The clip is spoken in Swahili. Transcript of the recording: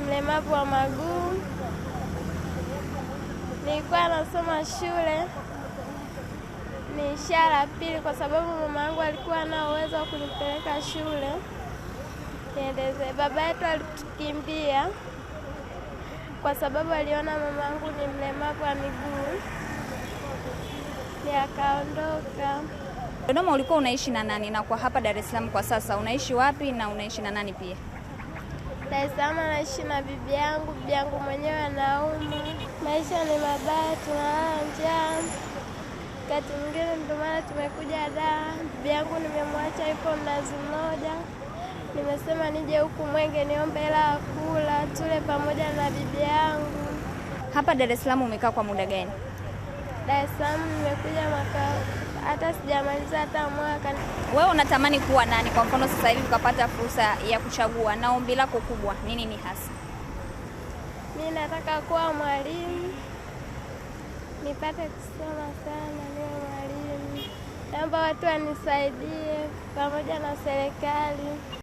mlemavu wa maguu. Nilikuwa nasoma shule ni ishara pili, kwa sababu mama yangu alikuwa na uwezo wa kunipeleka shule niendeze. Baba yetu alitukimbia kwa sababu aliona mama yangu ni mlemavu wa miguu, ni akaondoka. Dodoma ulikuwa unaishi na nani, na kwa hapa Dar es Salaam kwa sasa unaishi wapi na unaishi na nani pia? Dar es anaishi na bibi yangu, bibi yangu mwenyewe anauma maisha ni mabaya, tunalala njaa. kati mwingine ndio maana tumekuja daa Bibi yangu nimemwacha, ipo Mnazi Mmoja. Nimesema nije huku Mwenge niombe hela kula tule pamoja na bibi yangu. Hapa Dar es Salaam umekaa kwa muda gani? Dar es Salaam nimekuja mwaka hata sijamaliza hata mwaka. Wewe unatamani kuwa nani? Kwa mfano sasa hivi ukapata fursa ya kuchagua, na ombi lako kubwa ni nini hasa? Mi nataka kuwa mwalimu, nipate kusoma sana, niwe mwalimu. Naomba watu wanisaidie pamoja na serikali.